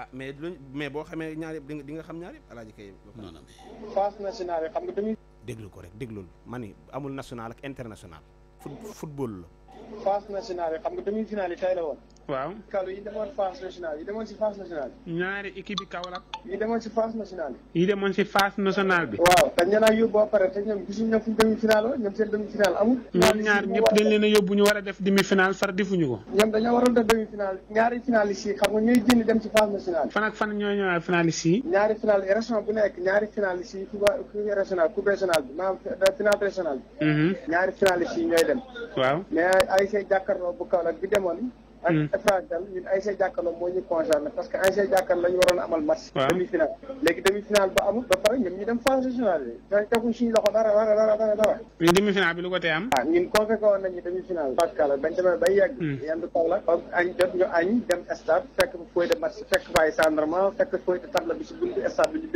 ah mais luñ mais boo xamee ñaar yëpp di nga xam ñaar yëpp alaaji kay. non non mais. nationale xam nga dañuy. déglu ko rek déglul ma ni amul national ak international. football la. phase nationale xam nga demi finale yi tey la woon. waaw kalu yi demoon phase nationale yi demoon si phase nationale yi demoon si phase nationale bi waaw dañ leen a yóbbu ba pare te ñoom ñëpp dañ leen a yóbbu ñu a def demi final far defuñu ko ñoom dañoo waroon def demi final ñaari finalistes yi xam nga si phase nationale fan ak fan ñooy ñëwaat bi euh, mhm. ñaari finalistes yi ñooy dem waaw mais ay say jàkkaarloo bu Kaolack bi demoon ak Efragal hmm. ñun ASC Jàkkaarloo moo ñu concerné parce que ASC Jàkkaarloo la ñu waroon amal match demi final léegi demi final ba amul ba pare ñu dem phase régionale bi loxo dara dara dara dara demi final bi lu ko am ah ñun convoqué woon nañu demi final Pascal yegg hmm. ñu añ dem stade fekk feuille de match fekk faye de table bi si buntu stade bi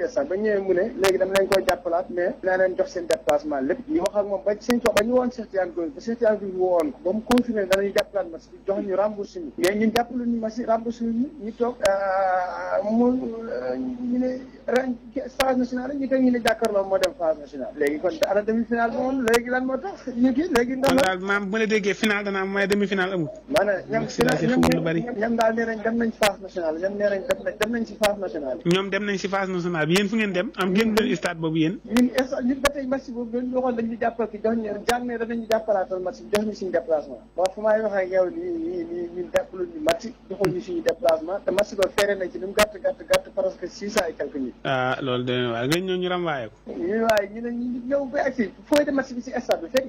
sax ba ñëwee mu ne léegi dama leen koy jàppalaat mais naa leen jox seen déplacement lépp ñu wax moom ba ñu woon Cheikh Tidiane Gomis ba Cheikh Tidiane Gomis ba mu confirmé danañu jàppalaat ma si jox ñu remboursé ñu mais ñun jàppalu ñu ma si remboursé ñu ñu toog euh, euh, mu euh, ñu ne stage national ñu ne jàkkaarloo moo dem phase nationale léegi kon ana demi finale moom léegi lan moo tax maam bu demi final amul. maanaam ñoom final ñoom dem nañ ci phase ñoom dem nañ ci phase nationale. ñoom fu ngeen dem am ngeen doon stade boobu yéen. ñun stade ñun jox ñu jàng ñu déplacement. te match ba feere na ci lu gàtt gàtt gàtt presque six cent et quelques nit. waaye ñu ne ñu ñëw ba agsi fooy de match bi si stade bi fekk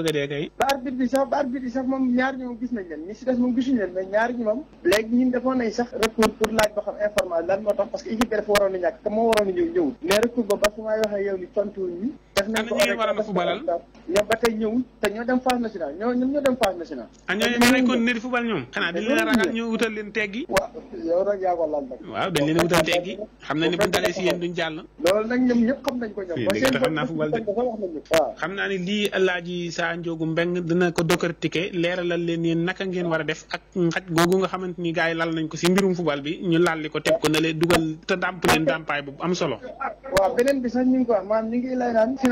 ba dee kay ba arbitre bi sax ba arbitre bi sax moom ñaari ñi moom gis nañ leen ñi si des moom gisuñu leen mais ñaari ñi moom léegi ñun defoon nañ sax recours pour laaj ba xam information lan moo tax parce que équipe bi dafa waroon a ñàkk te moo waroon a ñëw ñëwul mais recours ba su may waxee yow ni tontuwuñ ñi def nañ ko ñu war a fubalal ñoom ba tey ñëwuñ te ñoo dem phase nationale ñoo ñoom ñoo dem phase nationale ah ñooñu a ragal wutal leen teggi waaw yow leen a wutal teggi xam nañ ne buñ dalee si yéen duñ jàll loolu nag ñoom xam nañ ko ñoom xam naa fubal de xam naa ne lii Alaaji Sa Ndiogou Mbeng dina ko décortiquer leeralal leen yéen naka ngeen war a def ak xaj googu nga xamante ni gars yi lal nañ ko si mbirum fubal bi ñu laal li ko teg ko na leen dugal te dàmp leen dàmpaay bu am solo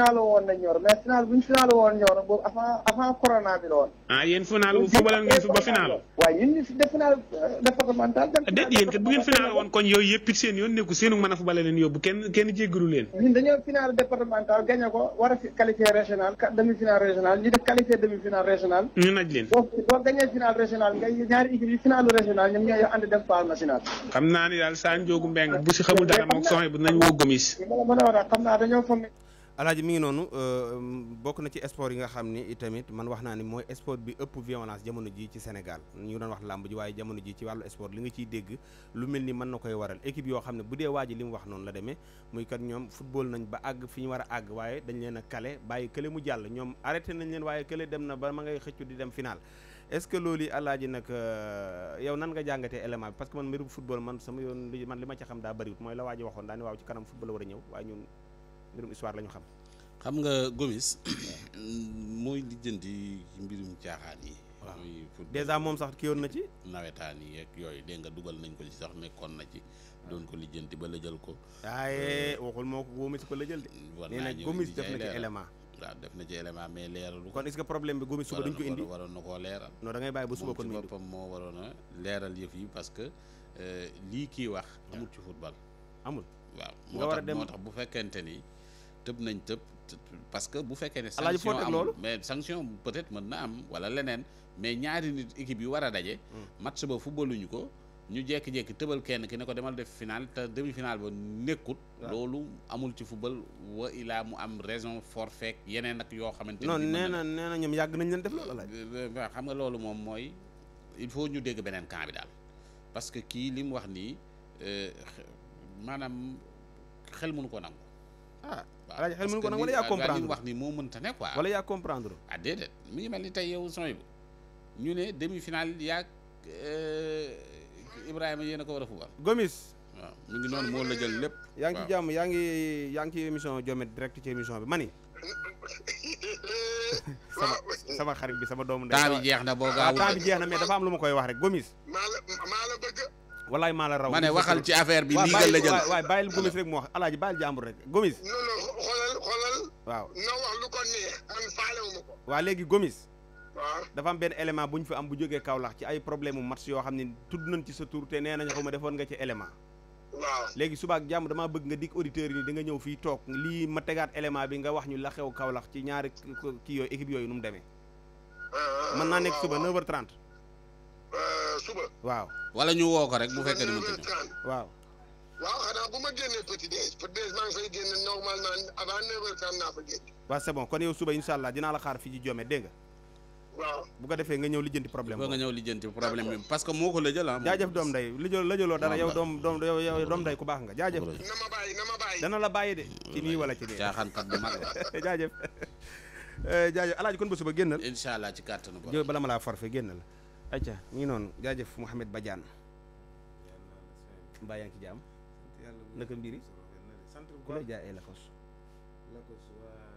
final la woon na ñor mais final bu ñu final la woon ñor boobu avant avant corona bi la woon. ah yéen final bu football ngeen fi ba final. waaye ñun ñu fi def final euh, départemental. déet yéen kat bu ngeen final la woon kon yow yëpp it seen yoon nekku seenu mën a football leen yóbbu kenn kenn jéggalu leen. ñun dañoo final départemental gagné ko war a fi qualifié régional demi final régional ñu def qualifié demi final régional. ñu naj leen boo boo gagné final régional ngay ñaari équipe yi final régional ñoom ñooy ànd dem phase nationale. xam naa ni daal Sa Ndiogou Mbengue bu si xamul dara moom soxna bu nañ woo gomis. alaaji mi ngi noonu euh, bokk na ci sport yi nga xam ni tamit man wax naa ni mooy sport bi ëpp violence jamono ji ci Sénégal ñu doon wax làmb ji waaye jamono ji ci wàllu sport li nga ciy dégg lu mel ni mën na koy waral équipe yoo xam ne bu dee waa ji li mu wax noonu la deme muy kat ñoom football nañ ba àgg fi ñu war a àgg waaye dañ leen a kale bàyyi kële mu jàll ñoom arrêté nañ leen waaye kële dem na ba ma ngay xëccu di dem final est-ce que loolu yi alaaji nag euh, yow nan nga jàngatee élément bi parce yoon man li ma ci xam daa bëriwut ji waxoon daa ne waaw ci kanam football war mbirum histoire la xam. xam nga Gomis mooy lijjanti mbirum caaxaan yi. waaw dèjà moom sax ki yoon na ci. nawetaan yi yeeg yooyu dégg nga dugal nañ ko ci sax nekkoon na ci. doon ko lijjanti ba la jël ko. waaye euh, waxul moo ko Gomis ko la jël de. war naa ñëw Gomis def na ci élément. waaw def na ci élément mais leeralu kon est-ce que problème bi Gomis suba duñ ko indi waroon na koo leeral. non da ngay bàyyi ba suba kon muy indi moo waroon a leeral yëf yi parce que euh, lii kii wax. amul ci football. amul. waaw moo tax bu fekkente ni. tëb nañ tëb parce que bu fekkee ne sanction am mais sanction peut-être mën na am wala leneen mais ñaari nit équipe yi war a daje hmm. match ba footballuñu ko ñu jékki-jékki tëbal kenn ki ne ko demal def final te demi-finale ba nekkut loolu amul ci football wa ilaa mu am raison forfait yeneen ak yoo xamante non nee na nee ñoom yàgg nañ leen def loolu la euh, euh, xam nga loolu moom mooy il faut ñu dégg beneen camp bi daal parce que kii li wax nii euh, maanaam xel munu ko nangu ah alaaji xel mënu ko nag wala yaa comprendre wax ni moo mënta ne quoi wala yaa mi ngi mel ni tey yow son bu ñu ne demi finale yaag euh, Ibrahima yéen na ko war a fubal Gomis mu ngi noonu moo la jël lépp yaa ngi ci jàmm yaa ngi yaa ngi ci émission Jommet direct ci émission bi mani sama sama xarit bi sama doomu ndey temps bi jeex na boo ah, gaaw temps bi jeex na mais dafa am lu ma koy wax rek Gomis walaay maa la raw ma ne waxal ci affaire bi liigal la jël waay bàyyil gomis rek mu wax alaaji bàyyil jàmbur rek gomis non non xoolal xoolal waaw na wax léegi gomis dafa am benn élément bu ñu fi am bu jógee Kaolack ci ay problème mu match yoo xam ne tudd nañ ci sa tur te nee nañ ma defoon nga ci élément waaw léegi subaak jàmm damaa bëgg nga dikk auditeurs yi ni ñëw fii toog lii ma tegaat élément bi nga wax ñu la xew Kaolack ci ñaari kii yooyu équipe yooyu nu mu demee euh, mën naa nekk suba 9 suba. waaw wala ñu woo ko rek bu fekkee ne mu tëdd. waaw. waaw xanaa bu ma génnee petit déj petit déj maa ngi fay génne normal naan avant 9 h xaar fii ci Jomé dégg nga. waaw bu defee nga ñëw lijjanti problème boobu nga ñëw lijjanti problème bi parce que moo ko lëjal ah. jaajëf doom nday lëjal lëjaloo dara yow doom doom doom nday ku baax nga jaajëf. na ma bàyyi dana la bàyyi de ci nii wala ci nii. caaxaankat bu mag la jaajëf eh, jaajëf alaaji kon ba suba génnal. incha allah ci kàttanu ko. bala ma laa forfait génnal. acca mi ngi noonu jaajëf Mouhamed Badiane mbaa yaa ngi ci jàmm naka mbiri ku la jaayee Lacoste Lacoste waa